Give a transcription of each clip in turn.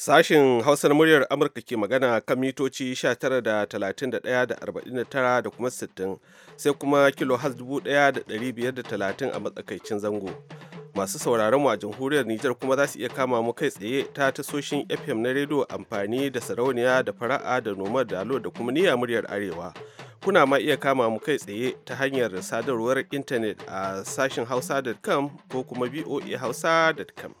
sashen Hausar muryar Amurka ke magana kan mitoci 19.31.49 da kuma 60 sai kuma kilo 1530 a matsakaicin zango. Masu sauraron a jamhuriyar Nijar kuma za su iya kama mu kai tsaye ta tasoshin FM na rediyo amfani da sarauniya da fara'a da noma da alo da kuma niyya muryar arewa. Kuna ma iya kama mu kai tsaye ta hanyar sadarwar intanet a sashin hausa.com ko kuma voahausa.com.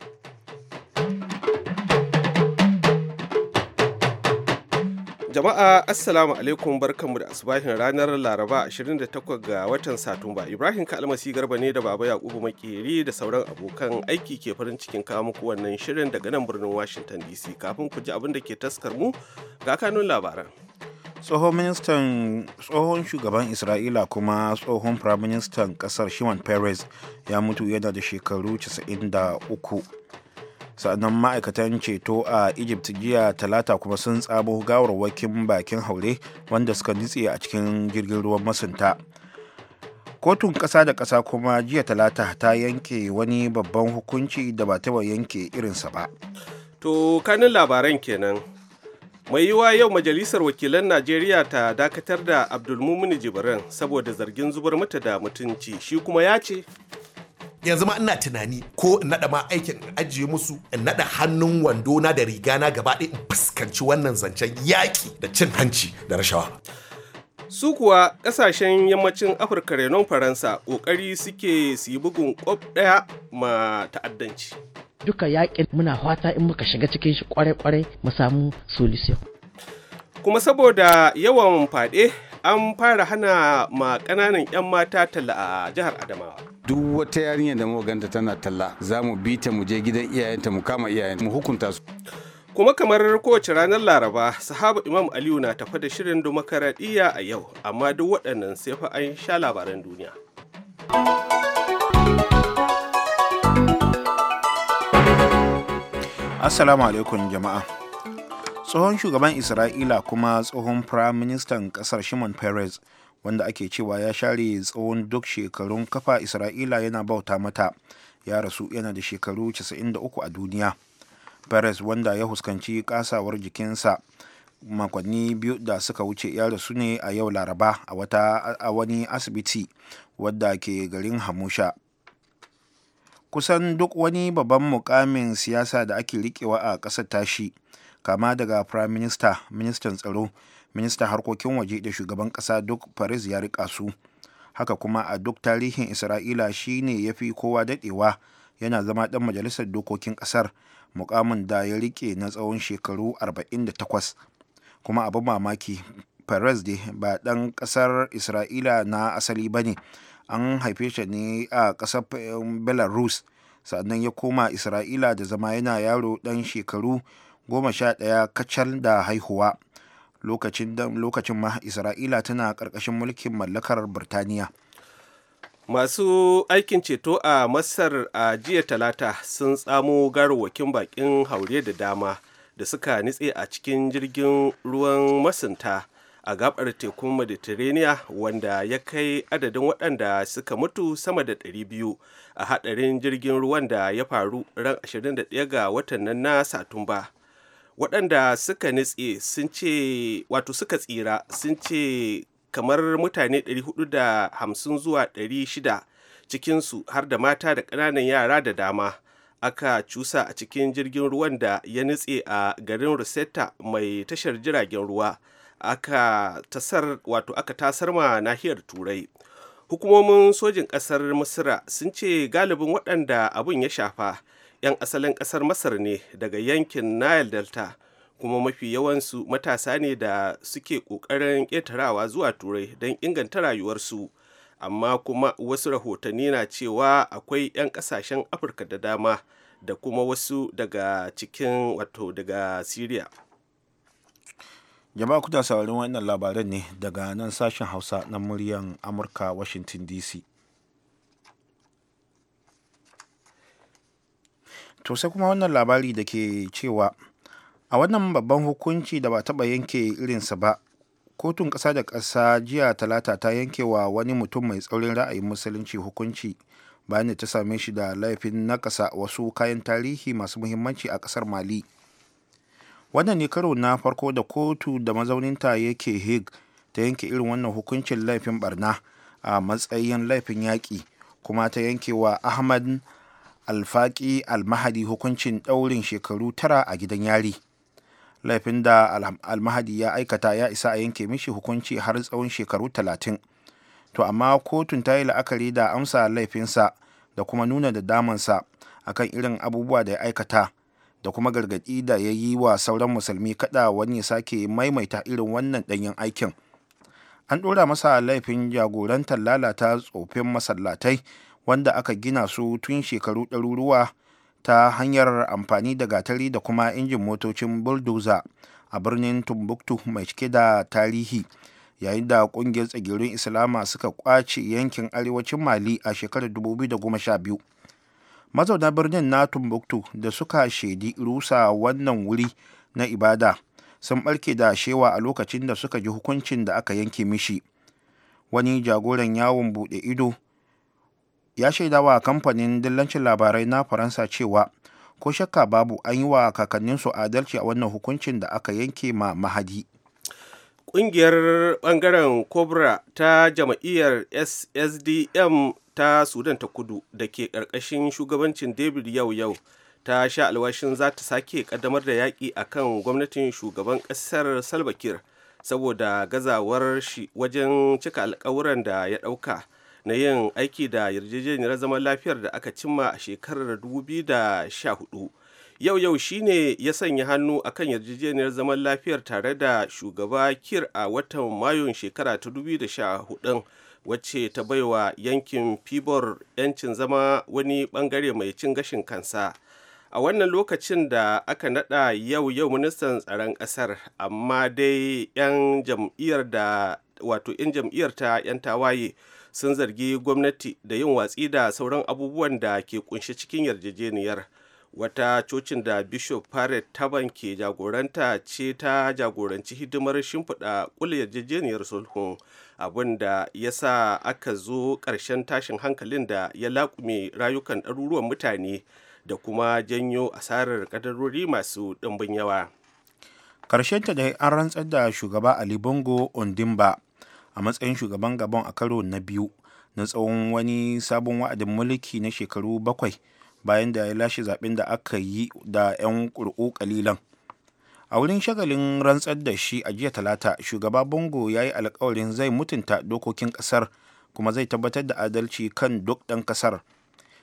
Jama'a Assalamu alaikum barkanmu da asubahin ranar Laraba 28 ga watan Satumba. Ibrahim Kalmasi Garba ne da Baba Yakubu Makeri da sauran abokan aiki ke farin cikin kawo muku wannan shirin daga nan birnin Washington DC. Kafin ku ji abin da ke taskar mu ga kanun labaran. Tsohon ministan tsohon shugaban Isra'ila kuma tsohon firaministan kasar Shimon Peres ya mutu yana da shekaru 93. sannan ma'aikatan ceto a egypt jiya talata kuma sun tsabo gawarwakin bakin haure wanda suka nitse a cikin jirgin ruwan masunta kotun ƙasa da ƙasa kuma jiya talata ta yanke wani babban hukunci da ba ta yanke irinsa ba to kanin labaran kenan mai yiwa yau majalisar wakilan najeriya ta dakatar da abdulmumini jibrin saboda zargin zubar mata da mutunci shi kuma ya ce yanzu ma ina tunani ko in naɗa ma aikin in ajiye musu in naɗa hannun wando na da riga na gaba ɗaya in fuskanci wannan zancen yaƙi da cin hanci da rashawa. su kuwa ƙasashen yammacin afirka renon faransa ƙoƙari suke su yi bugun ƙwab ɗaya ma ta'addanci duka yaƙin muna fata in muka shiga cikin shi kwarai-kwarai mu samu solution kuma saboda yawan faɗe an fara hana ma ƙananan 'yan mata talla a jihar adamawa duk wata yarinya da muka ganta tana talla za mu bi ta mu je gidan iyayenta mu kama iyayenta mu hukunta su kuma kamar kowace ranar laraba sahaba imam aliyu na tafa da shirin dimokuraɗiyya a yau amma duk waɗannan sai fa an sha labaran duniya assalamu alaikum jama'a tsohon shugaban isra'ila kuma tsohon minister kasar shimon peres wanda ake cewa ya share tsohon duk shekarun kafa isra'ila yana bauta mata ya rasu yana da shekaru 93 a duniya peres wanda ya huskanci kasawar jikinsa makonni biyu da suka wuce ya rasu ne a yau laraba a wata a wani asibiti wadda ke garin hamusha kusan duk wani babban mukamin siyasa da ake rikewa a ƙasar tashi kama daga prime minister ministan tsaro ministan harkokin waje da shugaban kasa duk paris ya rika su haka kuma a duk tarihin isra'ila shine ya fi kowa dadewa yana zama dan majalisar dokokin kasar mukamin da ya rike na tsawon shekaru 48 kuma abin mamaki perez dai ba dan kasar isra'ila na asali ba ne an haife shi ne a kasar belarus sannan ya koma isra'ila da zama yana yaro dan shekaru goma sha ɗaya kacal da haihuwa lokacin ma isra'ila tana ƙarƙashin mulkin mallakar birtaniya masu aikin ceto a masar a jiya talata sun tsamo garwakin bakin haure da dama da suka nitse a cikin jirgin ruwan masunta a gabar tekun mediterranean wanda ya kai adadin waɗanda suka mutu sama da 200 a hadarin jirgin ruwan da ya faru ran 21 ga watan nan na satumba waɗanda suka nitse sun ce wato suka tsira sun ce kamar mutane 450 zuwa 600 cikinsu har da mata da ƙananan yara da dama aka cusa a cikin jirgin ruwan da ya nitse a garin Rosetta mai tashar jiragen ruwa aka tasar wato aka tasar ma nahiyar turai hukumomin sojin ƙasar misira sun ce galibin waɗanda abin ya shafa 'yan asalin kasar masar ne daga yankin nile delta kuma mafi yawansu matasa ne da suke ƙoƙarin ƙetarawa zuwa turai don inganta rayuwarsu amma kuma wasu rahotanni na cewa akwai 'yan kasashen afirka da dama da kuma wasu daga cikin wato daga syria jama'a kuta sauraron wannan labaran ne daga nan sashen hausa na muryan amurka washington dc To sai kuma wannan labari da ke cewa a wannan babban hukunci da ba taɓa yanke irinsa ba, kotun ƙasa da ƙasa jiya talata ta yanke wa wani mutum mai tsaurin ra'ayin musulunci hukunci bayan da ta same shi da laifin nakasa wasu kayan tarihi masu muhimmanci a ƙasar Mali. Wannan ne karo na farko da kotu da mazauninta yake hig ta yanke irin wannan hukuncin laifin barna a matsayin laifin yaƙi kuma ta yanke wa Ahmad alfaƙi almahadi hukuncin ɗaurin shekaru tara a gidan yari laifin da almahadi ya aikata ya isa a yanke mishi hukunci har tsawon shekaru talatin to amma kotun ta yi la'akari da amsa laifinsa da kuma nuna da damansa akan irin abubuwa da ya aikata da kuma gargaɗi da ya yi wa sauran musulmi kaɗa wani ya sake maimaita irin wannan ɗanyen aikin an ɗora masa laifin jagorantar lalata tsofin masallatai wanda aka gina su tun shekaru ɗaruruwa ta hanyar amfani da gatari da kuma injin motocin bulldozer a birnin tumbuktu mai cike da tarihi yayin da ƙungiyar tsagirin Islama suka kwace yankin arewacin Mali a shekarar 2012. Mazauna birnin na tumbuktu da suka shaidi rusa wannan wuri na ibada sun ɓarke da shewa a lokacin da suka ji hukuncin da aka yanke mishi. Wani jagoran yawon buɗe ido ya shaidawa kamfanin dillancin labarai na faransa cewa ko shakka babu an yi wa kakanninsu adalci a wannan hukuncin da aka yanke ma mahadi ƙungiyar ɓangaren cobra ta jama'iyyar ssdm ta sudan ta kudu da ke ƙarƙashin shugabancin david yau yau ta sha alwashin za ta sake ƙaddamar da yaƙi a kan gwamnatin shugaban ƙasar salbakir saboda gazawar shi wajen cika alkawuran da ya ɗauka na yin aiki da yarjejeniyar zaman lafiyar da aka cimma a shekarar 2014 yau yau shine ya sanya hannu akan yarjejeniyar zaman lafiyar tare da shugaba kir a watan mayun shekara ta 2014 wacce ta baiwa yankin fibor 'yancin zama wani bangare mai cin gashin kansa a wannan lokacin da aka nada yau yau ministan tsaron kasar amma dai 'yan jam'iyyar da wato 'yan jam'iyyar ta 'yan tawaye sun zargi gwamnati da yin watsi da sauran abubuwan da ke kunshe cikin yarjejeniyar wata cocin da bishop Paret taban ke jagoranta ce ta jagoranci hidimar shimfiɗa ƙula yarjejeniyar sulhu abin ya sa aka zo ƙarshen tashin hankalin da ya laƙume rayukan ɗaruruwan mutane da kuma janyo asarar ƙadarori masu ɗimbin yawa. ta dai an rantsar da shugaba Ali Bongo Ondimba a matsayin shugaban Gabon a karo na biyu na tsawon wani sabon wa'adin mulki na shekaru bakwai bayan da ya lashe zaɓen da aka yi da 'yan ƙuri'u kalilan a wurin shagalin rantsar da shi a jiya talata shugaba bongo ya yi alkawarin zai mutunta dokokin kasar kuma zai tabbatar da adalci kan duk ɗan kasar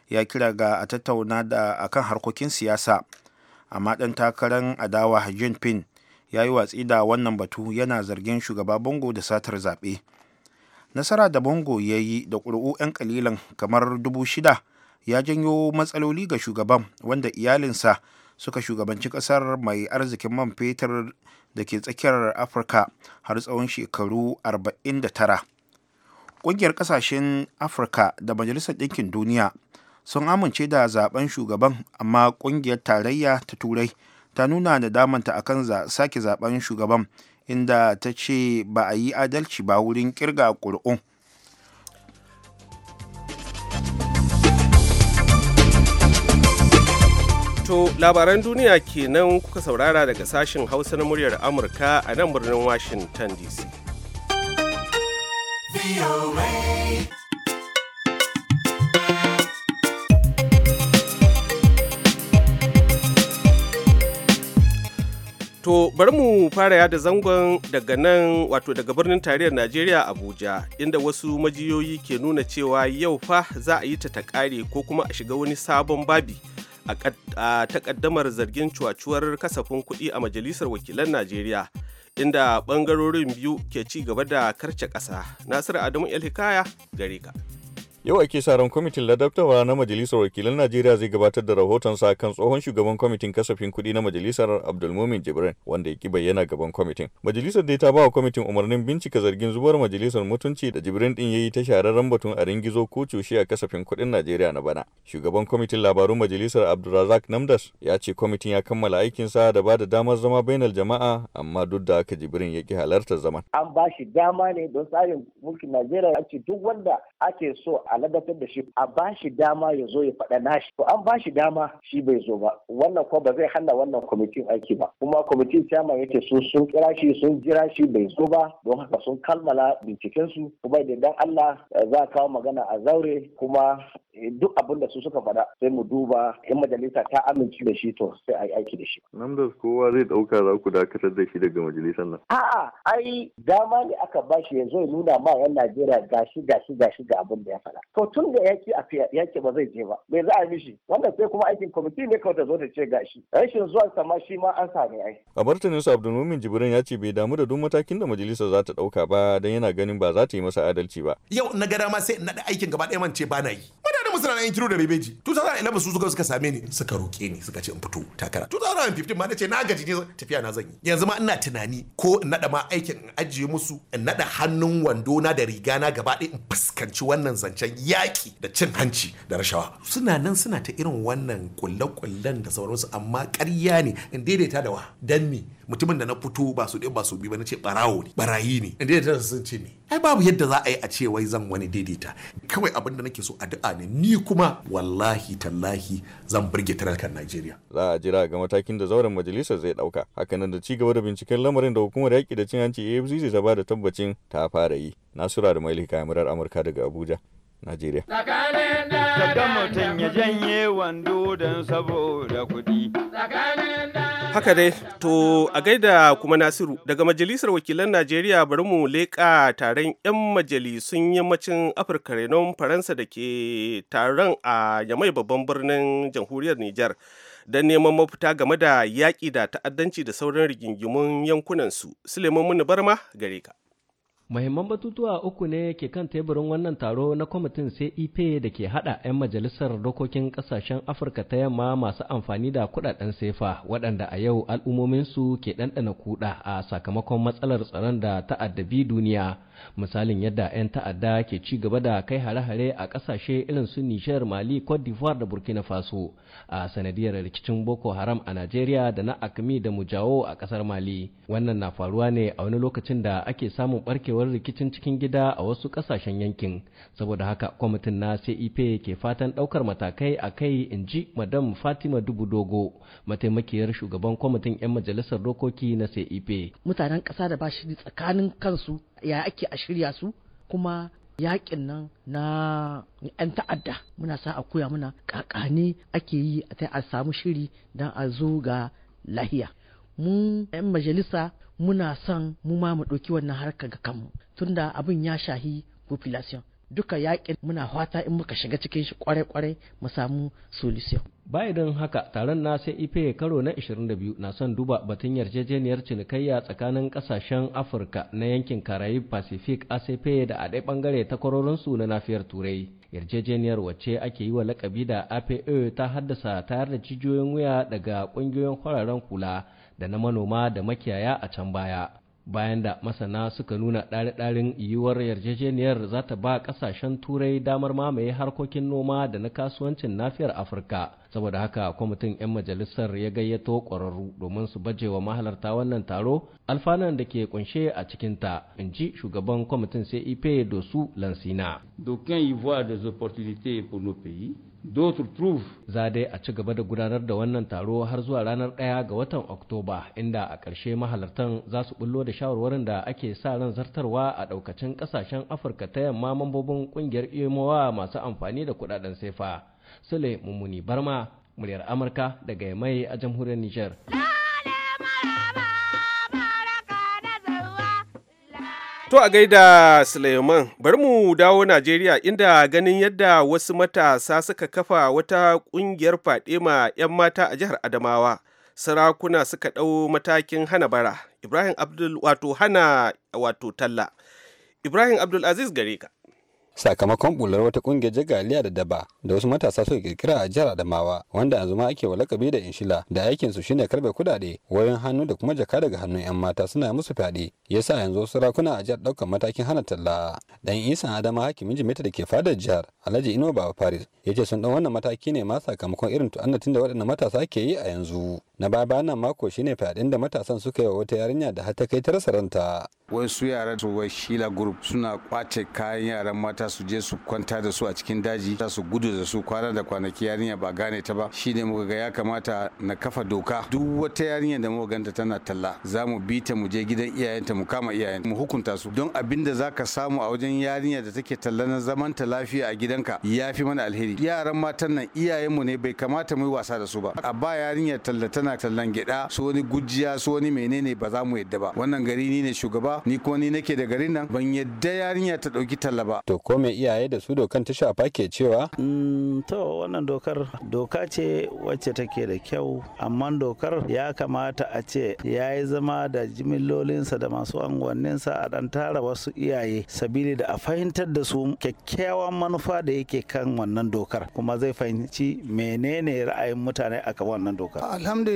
ya kira ga a tattauna da akan harkokin siyasa amma ɗan takarar adawa jinping ya yi watsi da wannan batu yana zargin shugaba bongo da satar zaɓe nasara da bongo ya yi da ƙuri'u 'yan kalilan kamar dubu shida ya janyo matsaloli ga shugaban wanda iyalinsa suka shugabanci ƙasar mai arzikin man fetur da ke tsakiyar afirka har tsawon shekaru 49 ƙungiyar ƙasashen afirka da majalisar ɗinkin duniya sun amince da zaben shugaban amma ƙungiyar tarayya ta turai ta nuna nadamanta a kan sake zaben shugaban inda ta ce ba a yi adalci ba wurin kirga ƙuri'un. To labaran duniya kenan kuka saurara daga sashen hausa na muryar amurka a nan birnin washington dc. To bari mu fara yada zangon daga nan wato daga birnin tarayyar Najeriya Abuja inda wasu majiyoyi ke nuna cewa yau fa za a yi ta ta kare ko kuma a shiga wani sabon babi a takaddamar zargin cuwacuwar kasafin kuɗi a Majalisar Wakilan Najeriya inda ɓangarorin biyu ke ci gaba da karce ƙasa. Nasiru Adamu El Hikaya gare ka. Yau ake sa ran kwamitin ladabtawa na Majalisar Wakilan Najeriya zai gabatar da rahoton sa kan tsohon shugaban kwamitin kasafin kuɗi na Majalisar Abdulmumin Jibrin wanda ya ki bayyana gaban kwamitin. Majalisar dai ta ba wa kwamitin umarnin bincika zargin zubar majalisar mutunci da Jibrin din yayi ta shararren batun a ringizo ko cushe a kasafin kuɗin Najeriya na bana. Shugaban kwamitin labarun Majalisar Abdulrazak Namdas ya ce kwamitin ya kammala aikin sa da ba da damar zama bainar jama'a amma duk da haka Jibrin ya ki halartar zaman. An ba shi dama ne don tsarin mulkin Najeriya ya ce duk wanda ake so a a da shi a ba shi dama ya zo ya faɗa nashi to an ba shi dama shi bai zo ba wannan kuwa ba zai hana wannan kwamitin aiki ba kuma kwamitin chairman yace su sun kira shi sun jira shi bai zo ba don haka sun kalmala binciken su kuma idan Allah eh, za a kawo magana a zaure kuma eh, duk abin da su suka faɗa sai mu duba in majalisa ta amince da shi to sai a yi aiki da shi. Nan da kowa zai ɗauka za ku dakatar da shi daga majalisar nan. A'a ai dama ne aka ba shi zo ya nuna ma 'yan Najeriya gashi gashi gashi ga abin da ya faɗa. to tun da yaki a yaki ba zai je ba bai za a mishi wanda sai kuma aikin kwamiti ne kawai ta zo ta ce gashi rashin zuwan sa ma shi ma an sami ai a martanin sa Abdulmumin Jibrin ya ce bai damu da duk matakin da majalisa za ta dauka ba dan yana ganin ba za ta yi masa adalci ba yau na gada dama sai na da aikin gaba ɗaya man ce ba na yi mu suna na da bebeji 2011 su suka same ni suka roke ni suka ce in fito takara 2015 ma na ce na gaji ne tafiya na zan yi yanzu ma ina tunani ko in nada ma aikin in ajiye musu in nada hannun wando na da riga na gaba ɗaya in fuskanci wannan zancen yaki da cin hanci da rashawa suna nan suna ta irin wannan kulle-kullen da sauransu amma ƙarya ne in daidaita da wa dan me mutumin da na fito ba su ɗaya ba su bi ba na ce ɓarawo ne ɓarayi ne inda ya sun ce ne ai babu yadda za a yi a ce wai zan wani daidaita kawai abin da nake so addu'a ne ni kuma wallahi tallahi zan burge tarakan Najeriya za a jira ga matakin da zauren majalisar zai ɗauka hakanan da cigaba da binciken lamarin da hukumar yaƙi da cin hanci AFCC ta ba da tabbacin ta fara yi Nasura da Mailika Murar Amurka daga Abuja Najeriya. Daga mutum ya janye wando don saboda kuɗi. Haka dai, to a gaida kuma Nasiru daga Majalisar Wakilan Najeriya bari mu leƙa taron 'yan majalisun yammacin Afirka renon Faransa da ke taron a Yamai babban birnin jamhuriyar Nijar don neman mafita game da yaƙi da ta'addanci da sauran rigingimun yankunansu. Suleiman Muni Barma gare ka. Muhimman batutuwa uku ne ke kan teburin wannan taro na kwamitin CEP da ke hada 'yan majalisar dokokin kasashen Afirka ta yamma masu amfani da kudaden sefa waɗanda a yau su ke ɗanɗana kuɗa a sakamakon matsalar tsaron da ta'addabi duniya misalin yadda 'yan ta'adda ke ci gaba da kai hare-hare a ƙasashe irin su nishiyar mali cote d'ivoire da burkina faso a sanadiyar rikicin boko haram a nigeria da na akmi da mujawo a ƙasar mali wannan na faruwa ne a wani lokacin da ake samun barkewar rikicin cikin gida a wasu ƙasashen yankin saboda haka kwamitin na cep ke fatan ɗaukar matakai a kai in ji madam fatima dubu dogo mataimakiyar shugaban kwamitin 'yan majalisar dokoki na cep mutanen ƙasa da ba shi tsakanin kansu ya ake a shirya su kuma yakin nan na 'yan ta'adda muna sa a koya muna kakane ake yi a samu shiri don a zo ga lahiya mu 'yan majalisa muna son mu ma mu ɗauki wannan harka ga kanmu tunda abin ya shahi population duka yakin muna fata in muka shiga cikin shi kwarai-kwarai mu samu solution. Bayan haka taron na sai ife karo na 22 na son duba batun yarjejeniyar cinikayya tsakanin kasashen Afirka na yankin Karayib Pacific ACP da a bangare ɓangare takwarorinsu na nafiyar Turai. Yarjejeniyar wacce ake yi wa lakabi da APA e ta haddasa tayar da cijiyoyin wuya daga ƙungiyoyin kwararen kula da na manoma da makiyaya a can baya. bayan da masana suka nuna ɗari-ɗarin yiwuwar yarjejeniyar za ta ba ƙasashen turai damar mamaye harkokin noma da na kasuwancin nafiyar afirka saboda haka kwamitin 'yan majalisar ya gayyato ƙwararru domin su baje wa mahalarta wannan taro alfanan da ke kunshe a cikinta in ji shugaban kwamitin cep da su lansina d'aucuns za dai a ci gaba da gudanar da wannan taro har zuwa ranar ɗaya ga watan oktoba inda a ƙarshe mahalartan za su bullo da shawarwarin da ake sa ran zartarwa a ɗaukacin ƙasashen afirka ta yamma mambobin ƙungiyar imowa masu amfani da kuɗaɗen sefa Sule Mumuni Barma, muryar Amurka daga mai a jamhuriyar Nijar. To a gaida Suleiman, bari mu dawo Najeriya inda ganin yadda wasu matasa suka kafa wata ƙungiyar ma 'yan mata a jihar Adamawa. Sarakuna suka ɗau matakin hana bara, Ibrahim Abdul wato hana wato talla. Ibrahim Abdul Aziz gare ka. sakamakon bular wata kungiyar jagaliya da daba da wasu matasa suka kirkira a jihar Adamawa wanda yanzu ma ake lakabi da inshila da aikin su shine karbe kudade wayoyin hannu da kuma jaka daga hannun yan mata suna musu fyaɗe yasa yanzu wasu rakuna a jihar ɗaukar matakin hana talla dan isan adama hakimin jimita da ke fadar jihar alhaji ino baba faris ya ce sun ɗan wannan mataki ne ma sakamakon irin tu'annatin da waɗannan matasa ke yi a yanzu na baya bayan mako shine fyaɗen da matasan suka yi wa wata yarinya da har kai ta rasa ranta wasu yaran su wai shila group suna kwace kayan yaran mata su je su kwanta da su a cikin daji ta su gudu da su kwana da kwanaki yarinya ba gane ta ba shine muka ga ya kamata na kafa doka duk wata yarinya da muka ganta tana talla za mu bi ta mu je gidan iyayenta mu kama iyayenta mu hukunta su don abin da zaka samu a wajen yarinya da take talla na zaman ta lafiya a gidanka Yafi mana alheri yaran matan nan iyayenmu ne bai kamata mu yi wasa da su ba a ba yarinya talla tana suna tallan gyada su wani gujiya su wani menene ba za mu yadda ba wannan gari ni ne shugaba ni ko ni nake da garin nan ban yadda yarinya ta dauki talla ba to ko me iyaye da su dokan ta shafa ke cewa mm, to wannan dokar doka ce wacce take da kyau amma dokar ya kamata a ce ya yi zama da jimillolinsa da masu angwanninsa a dan tara wasu iyaye sabili da a fahimtar da su kyakkyawan manufa da yake kan wannan dokar kuma zai fahimci menene ra'ayin mutane akan wannan dokar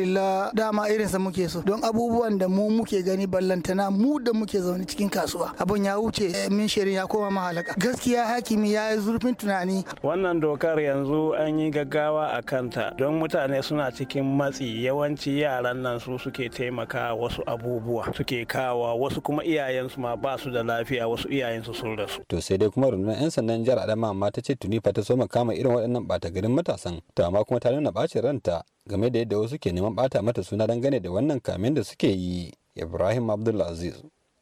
alhamdulillah dama irinsa muke so don abubuwan da mu muke gani ballantana mu da muke zaune cikin kasuwa abun ya wuce eh, min shirin ya koma mahalaka gaskiya hakimi ya yi zurfin tunani wannan dokar yanzu an yi gaggawa a kanta don mutane suna cikin matsi yawanci yaran nan su suke taimaka wasu abubuwa suke kawa wasu kuma iyayensu ma ba su da lafiya wasu iyayensu sun rasu to sai dai kuma rundunar 'yan sandan jihar adama ma ta ce tuni fa ta soma kama irin waɗannan ɓata garin matasan to amma kuma ta nuna ɓacin ranta game da yadda wasu ke neman bata mata suna dangane da wannan kamen da suke yi ibrahim abdulaziz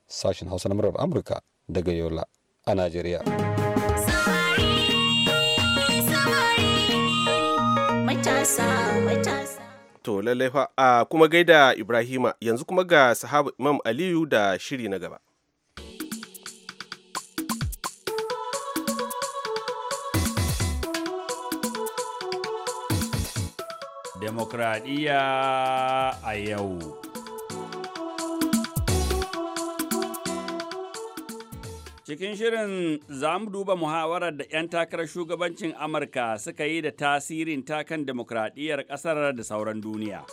sashen hausa na murar amurka daga yola a najeriya to lallai fa kuma gaida ibrahima yanzu kuma ga sahabu imam aliyu da shiri na gaba demokradiyya a yau. Cikin shirin za mu duba muhawarar da 'yan takarar shugabancin Amurka suka yi da tasirin takan demokradiyyar ƙasar da sauran duniya.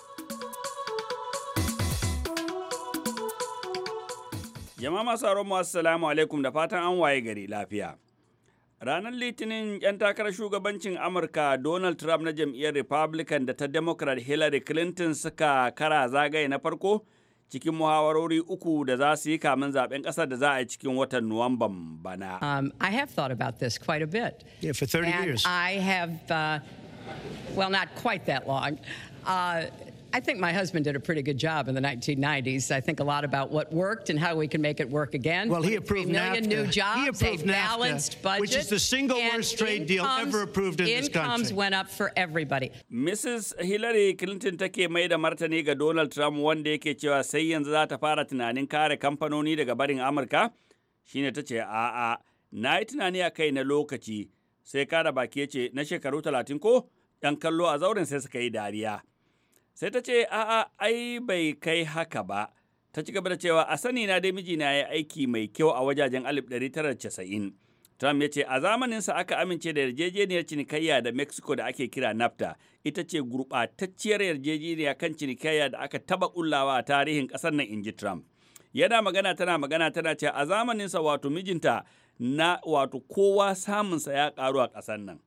Jama'a masu mu assalamu alaikum da fatan an waye gari lafiya. Ranar Litinin 'yan takarar shugabancin Amurka Donald Trump na jam'iyyar Republican da ta Democrat Hillary Clinton suka kara zagaye na farko cikin muhawarori uku da za su yi kamin zaben ƙasar da za a yi cikin watan Nuwamban bana. Um, I have thought about this quite a bit. Yeah, for 30 and years. I have, uh, well, not quite that long. Uh, I think my husband did a pretty good job in the 1990s. I think a lot about what worked and how we can make it work again. Well, he approved million NAFTA. new jobs. He approved a NAFTA, balanced budget, which is the single worst trade deal ever approved in this country. Incomes went up for everybody. Mrs. Hillary Clinton take mai da martani ga Donald Trump wanda yake cewa sai yanzu za ta fara tunanin kare kamfanoni daga barin Amurka. Shine ta ce a'a na yi tunani a kai na lokaci sai kara baki ya ce na shekaru talatin ko 'yan kallo a zauren sai suka yi dariya. sai ta ce a'a ai bai kai haka ba ta ci gaba da cewa a sani na dai mijina ya aiki mai kyau a wajajen 1990 Trump ya ce a zamanin sa aka amince da yarjejeniyar cinikayya da Mexico da ake kira NAFTA ita ce gurɓatacciyar yarjejeniya kan cinikayya da aka taba kullawa a tarihin ƙasar nan inji Trump yana magana tana magana tana cewa a zamanin sa wato mijinta na wato kowa samunsa ya karu a ƙasar nan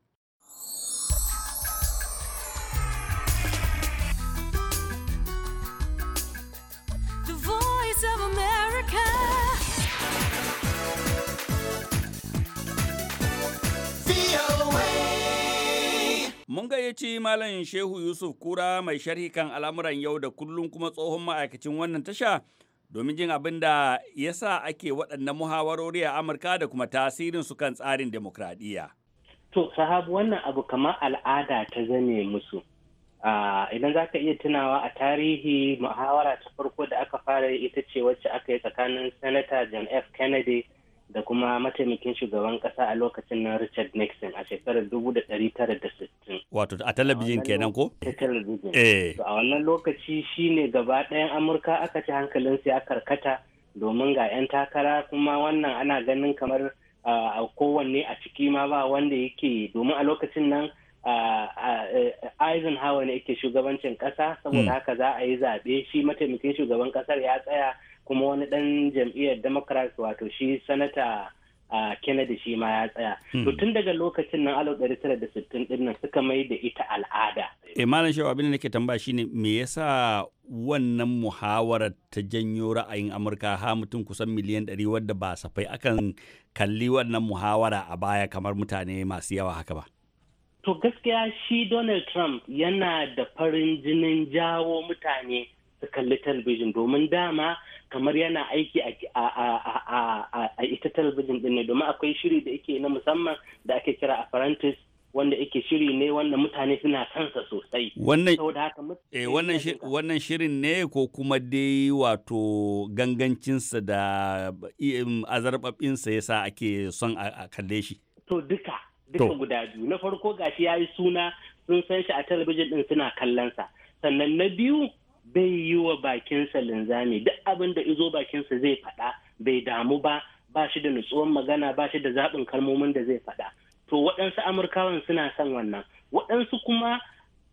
Mun gayyaci Malam Shehu Yusuf Kura mai sharhi kan al'amuran yau da kullum kuma tsohon ma'aikacin wannan tasha domin jin abin da ya sa ake waɗannan muhawarori a Amurka da kuma tasirin su kan tsarin demokradiyya. To, sahabu wannan abu kamar al'ada ta zane musu. idan za ka iya tunawa a tarihi muhawara ta farko da aka fara ita ce wacce aka yi tsakanin sanata john f kennedy da kuma mataimakin shugaban kasa a lokacin na richard nixon a shekarar 1960 wato a talabijin kenan ko A talabijin a wannan lokaci eh. shi ne gaba ɗayan amurka aka ci hankalin sai a karkata domin ga 'yan takara kuma wannan ana ganin kamar a kowanne a ciki ma ba wanda yake domin a lokacin nan Eisenhower ne yake shugabancin ƙasa saboda hmm. haka za a yi zaɓe shi mataimakin shugaban ƙasar ya tsaya kuma wani ɗan jam'iyyar democrat wato shi sanata kennedy shi ma ya tsaya hmm. to tun daga lokacin nan alo 1960 ɗin suka mai da ita al'ada eh malam shawa abin da nake tambaya shine me yasa wannan muhawara ta janyo ra'ayin amurka ha mutum kusan miliyan ɗari wadda ba safai akan kalli wannan muhawara a baya kamar mutane masu yawa haka ba To gaskiya shi Donald Trump yana da farin jinin jawo mutane su kalli talabijin domin dama kamar yana aiki a ita talabijin din ne domin akwai shiri da yake na musamman da ake kira apprentice wanda yake shiri ne wanda mutane suna kansa sosai. Wannan eh, shirin ne ko kuma dai wato gangancinsa da eh, azarbabinsa yasa ake son a kalle shi. To duka. duka guda biyu na farko gashi ya yi suna sun san shi a talabijin din suna kallon sa sannan na biyu bai yi wa bakinsa linzami duk abin da izo bakinsa zai faɗa bai damu ba ba shi da nutsuwan magana ba shi da zaɓin kalmomin da zai faɗa to waɗansu amurkawan suna son wannan waɗansu kuma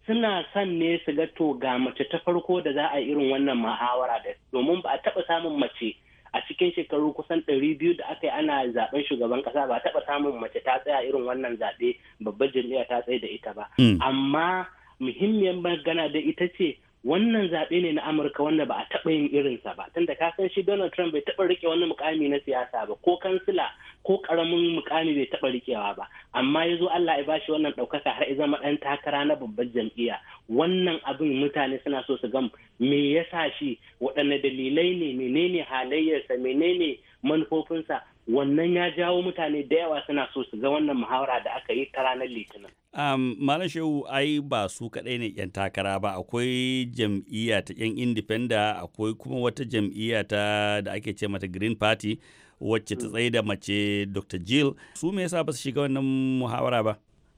suna son ne su ga to ga mace ta farko da za a irin wannan muhawara da domin ba a taɓa samun mace a cikin shekaru kusan ɗari biyu da aka yi ana zaben shugaban kasa ba taɓa samun mace ta tsaya irin wannan zaɓe babbar jam'iyya ta tsaye da ita ba hmm. amma muhimmiyar magana da ita ce wannan zaɓe ne na amurka wanda ba a taɓa yin irinsa ba tunda ka san shi donald trump bai taɓa rike wani mukami na siyasa ba ko kansila ko ƙaramin mukami bai taɓa rikewa ba amma ya zo allah ya ba shi wannan ɗaukaka har zama ɗan takara na babbar jam'iyya wannan abin mutane suna so su gam me ya sa shi waɗanne dalilai ne menene halayyarsa menene manufofinsa wannan ya jawo mutane da yawa suna so su ga wannan muhawara da aka yi ta ranar litinin. Um, Malam Shehu ai ba su kaɗai ne 'yan takara ba akwai jam'iyya ta 'yan indifenda akwai kuma wata jam'iyya ta da ake ce mata Green Party wacce ta mm. tsaye da mace Dr. Jill su me yasa ba su shiga wannan muhawara ba?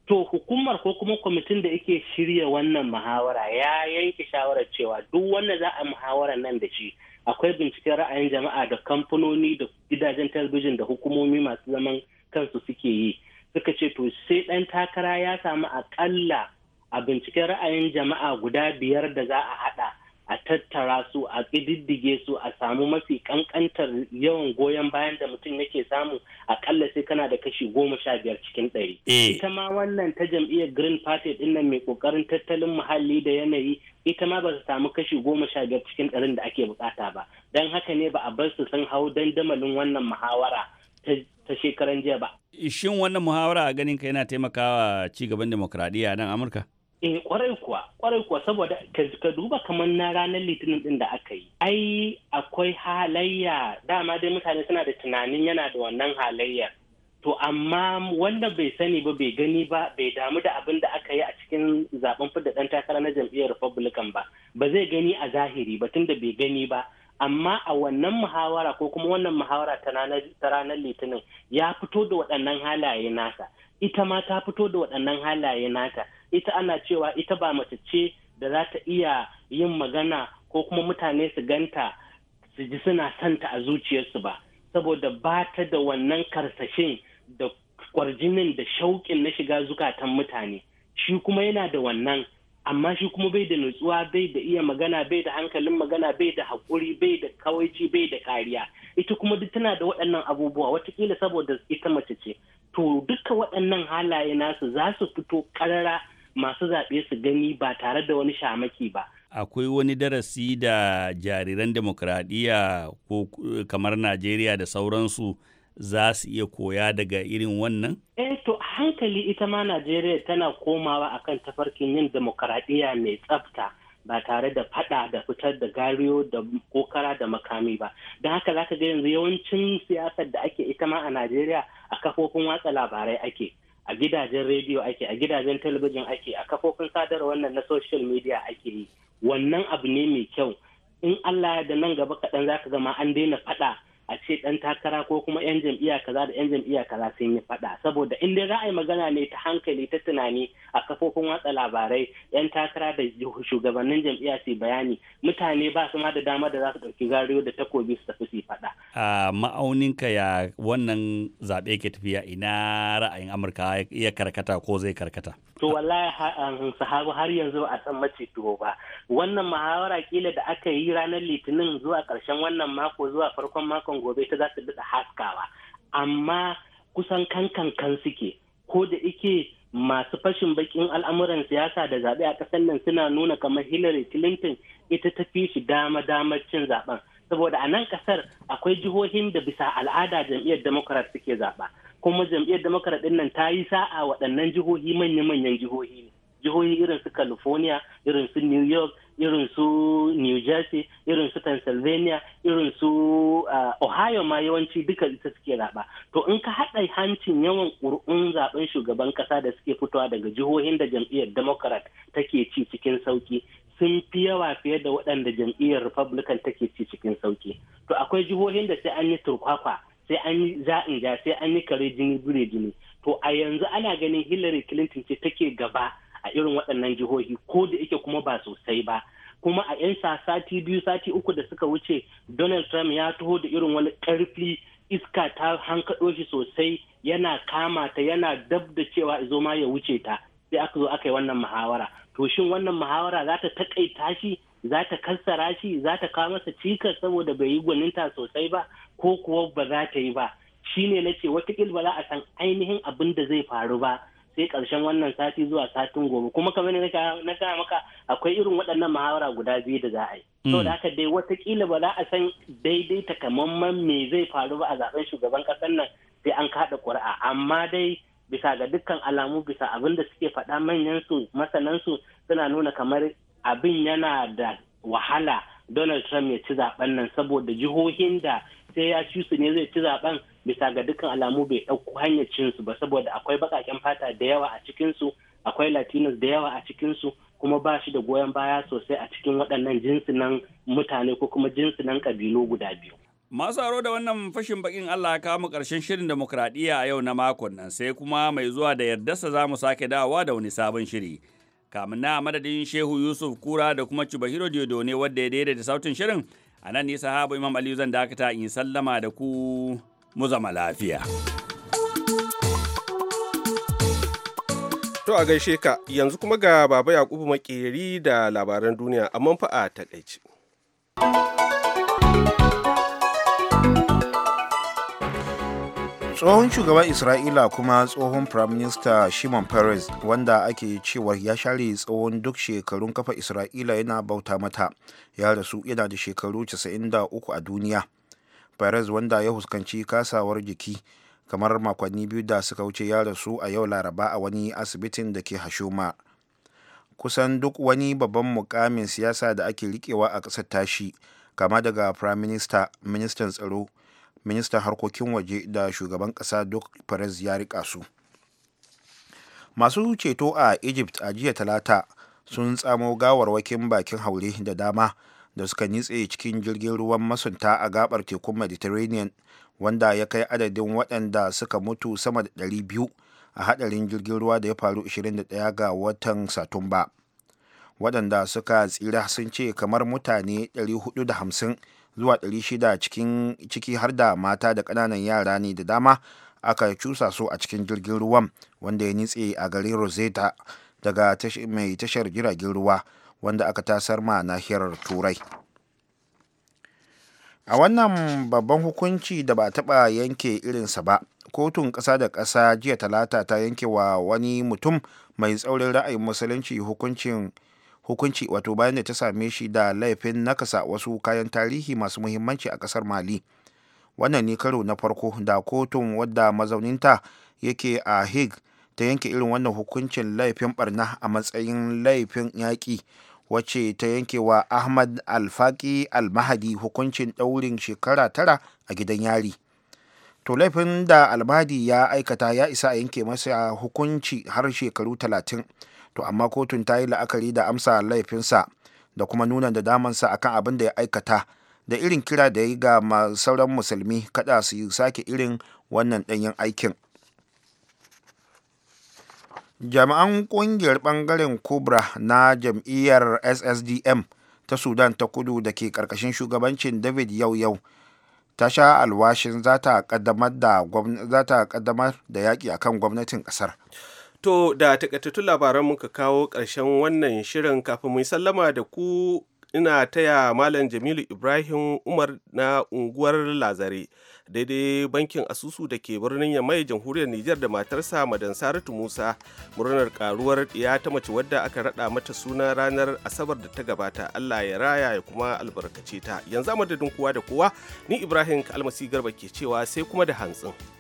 To hukumar ko kuma kwamitin da yake shirya wannan muhawara ya yanke shawarar cewa duk wanda za a muhawara nan da shi akwai binciken ra'ayin jama'a da kamfanoni da gidajen talabijin da hukumomi masu zaman kansu suke yi suka ce to sai ɗan takara ya samu aƙalla a binciken ra'ayin jama'a guda biyar da za a haɗa a tattara su a ƙididdige su a samu mafi ƙanƙantar yawan goyon bayan da mutum yake samu aƙalla sai kana da kashi goma sha biyar cikin ɗari. Eh. Ita ma wannan ta jam'iyyar Green Party ɗin nan mai ƙoƙarin tattalin muhalli da yanayi ita ma ba su samu kashi goma sha biyar cikin ɗarin da ake buƙata ba. Don haka ne ba a bar su sun hau dandamalin wannan muhawara ta shekaran jiya ba. Shin wannan muhawara a ganin ka yana taimakawa ci gaban dimokuraɗiyya nan Amurka? Eh kwarai kuwa, kwarai kuwa saboda ka duba kamar na ranar litinin din da aka yi. Ai akwai halayya dama dai mutane suna da tunanin yana da wannan halayya. To amma wanda bai sani ba bai gani ba bai damu da abin da aka yi a cikin zaben fidda dan takara na jam'iyyar Republican ba. Ba zai gani a zahiri ba tunda bai gani ba. amma a wannan muhawara ko kuma wannan muhawara ta ranar litinin ya fito da waɗannan halaye nasa ita ma ta fito da waɗannan halaye nata ita ana cewa ita ba mace ce da za ta iya yin magana ko kuma mutane su ganta su ji suna santa a zuciyarsu ba saboda ba ta da wannan karsashin da kwarjinin da shauƙin na shiga zukatan mutane shi kuma yana da wannan amma shi kuma bai da nutsuwa bai da iya magana bai da hankalin magana bai da haƙuri bai da kawaici bai da kariya ita kuma duk tana da waɗannan abubuwa watakila saboda ita mace ce to duka waɗannan halaye nasu za su fito ƙarara masu zaɓe su gani ba tare da wani shamaki ba. Akwai wani darasi da jariran demokradiyya ko kamar Najeriya da sauransu za su iya koya daga irin wannan? Eh to hankali ita ma Najeriya tana komawa a kan tafarkin yin demokradiyya mai tsafta. ba tare da fada da fitar da gariyo da kokara da makami ba don haka za ka ga yanzu yawancin siyasar da ake ita ma a najeriya a kafofin watsa labarai ake a gidajen rediyo ake a gidajen talabijin ake a kafofin sadarwar wannan na social media ake yi wannan abu ne mai kyau in Allah ya da nan gaba kaɗan za ka gama an daina faɗa a ce ɗan takara ko kuma 'yan jam'iyya kaza da 'yan jam'iyya kaza sun yi faɗa saboda in dai ra'ayi magana ne ta hankali ta tunani a kafofin watsa labarai 'yan takara da shugabannin jam'iya su bayani mutane ba su ma da dama da za su ɗauki gariyo da takobi su tafi su faɗa. a ka ya wannan zaɓe ke tafiya ina ra'ayin amurka ya karkata ko zai karkata. to wallahi um, sahabu har yanzu a san mace tuwo ba wannan muhawara kila da aka yi ranar litinin zuwa karshen wannan mako zuwa farkon makon gobe ta za ta daɗa haskawa amma kusan kankan kan suke ko da ike masu fashin bakin al'amuran siyasa da zaɓe a ƙasar nan suna nuna kamar hillary clinton ita ta fi shi dama damar cin zaɓen saboda a nan ƙasar akwai jihohin da bisa al'ada jam'iyyar democrat suke zaɓa kuma jam'iyyar democrat ɗin nan ta yi sa'a waɗannan jihohi manya-manyan jihohi ne jihohi irin su california irin su new york irin su new jersey irin su pennsylvania irin su ah, ohio ma yawanci duka ita suke zaɓa to in ka haɗa hancin yawan ƙuri'un zaben shugaban ƙasa da suke fitowa daga jihohin da jam'iyyar democrat take ci cikin sauki sun fi yawa fiye da waɗanda jam'iyyar republican take ci cikin sauki to akwai jihohin da sai an yi turkwakwa sai an yi za'in ja sai an yi kare jini bure jini to a yanzu ana ganin hillary clinton ce take gaba a irin waɗannan jihohi ko da yake kuma ba sosai ba kuma a 'yan sati biyu sati uku da suka wuce donald trump ya taho da irin wani ƙarfi iska ta hankaɗo shi sosai yana kama ta yana dab da cewa izo ma ya wuce ta sai aka zo aka yi wannan muhawara to shin wannan muhawara za ta taƙaita shi za ta kassara shi za ta kawo masa cikas saboda bai yi gwaninta sosai ba ko kuwa ba za ta yi ba shine na ce watakil ba za a san ainihin abin da zai faru ba sai karshen wannan sati zuwa satin gobe kuma kamar ne na gaya maka akwai irin waɗannan muhawara guda biyu da za a yi to hmm. da haka dai watakila ba za a san daidai takamaiman me zai faru ba a zaben shugaban ƙasar nan sai an kaɗa ƙuri'a amma dai bisa ga dukkan alamu bisa abin da suke faɗa manyan su masanan su suna nuna kamar abin yana da wahala Donald Trump ya ci zaben nan saboda jihohin da sai ya ci su ne zai ci zaben bisa ga dukkan alamu bai ɗauko hanyar cinsu ba saboda akwai baƙaƙen fata da yawa a cikinsu akwai latinos da yawa a cikinsu kuma ba shi da goyon baya sosai a cikin waɗannan jinsinan mutane ko kuma jinsinan ƙabilu guda biyu. Masu aro da wannan fashin bakin Allah kawo mu ƙarshen shirin demokradiyya a yau na makon nan sai kuma mai zuwa da yardarsa za mu sake dawowa da wani sabon shiri. Kamin na madadin Shehu Yusuf Kura da kuma Cibahiro Diodo ne wadda ya daidaita sautin shirin a nan nisa habu Imam Aliyu zan dakata in sallama da ku mu zama lafiya. To a gaishe ka yanzu kuma ga Baba Yakubu Makeri da labaran duniya amma fa a takaici. tsohon shugaban isra'ila kuma tsohon firaminista shimon peres wanda ake cewa ya share tsohon duk shekarun kafa isra'ila yana bauta mata ya rasu yana da shekaru 93 a duniya perez wanda ya huskanci kasawar jiki kamar makonni biyu da suka wuce ya rasu a yau laraba a wani asibitin da ke hashoma kusan duk wani babban mukamin siyasa da ake rikewa a ƙasar tashi kama daga prime minister ministan tsaro ministan harkokin waje da shugaban ƙasa duk perez ya rika su masu ceto a egypt a jiya talata sun tsamo gawarwakin bakin haure da dama da suka nitse cikin jirgin ruwan masunta a gabar tekun mediterranean wanda ya kai adadin waɗanda suka mutu sama da 200 a hadarin jirgin ruwa da ya faru 21 ga watan satumba waɗanda suka tsira sun ce kamar mutane 450 zuwa 600 cikin ciki har da mata da ƙananan yara ne da dama aka cusa su a cikin jirgin ruwan wanda ya nitse a garin rosetta daga mai tashar jiragen ruwa wanda aka tasar ma nahiyar turai a wannan babban hukunci da ba taɓa yanke irinsa ba kotun ƙasa da ƙasa jiya talata ta yanke wa wani mutum mai tsaurin ra'ayin musulunci hukuncin hukunci wato bayan da ta same shi da laifin nakasa wasu kayan tarihi masu muhimmanci a ƙasar mali wannan ne karo na farko da kotun wadda mazauninta yake a hague ta yanke irin wannan hukuncin laifin barna a matsayin laifin yaƙi wacce ta yankewa ahmad alfaki almahadi hukuncin ɗaurin shekara tara a gidan yari to laifin da almahadi ya aikata ya isa a yanke masa hukunci har shekaru talatin to amma kotun ta yi la'akari da amsa laifinsa da kuma nuna da damansa akan abin da ya aikata da irin kira da ya ga sauran musulmi kada su yi sake irin wannan ɗanyen aikin jami'an kungiyar bangaren cobra na jam'iyyar ssdm ta sudan ta kudu da ke karkashin shugabancin david yau yau ta sha alwashin za ta kaddamar da yaƙi akan gwamnatin ƙasar. To da takaitattun labaran muka kawo ƙarshen wannan shirin kafin mu sallama da ku ina taya Malam Jamilu Ibrahim Umar na unguwar Lazare daidai bankin asusu da ke birnin yamai jamhuriyar nijar da matarsa madan saratu musa murnar karuwar ɗiya ta mace wadda aka raɗa mata suna ranar asabar da ta gabata allah ya raya ya kuma albarkace ta yanzu madadin kowa da kowa ni ibrahim almasi garba ke cewa sai kuma da hantsin.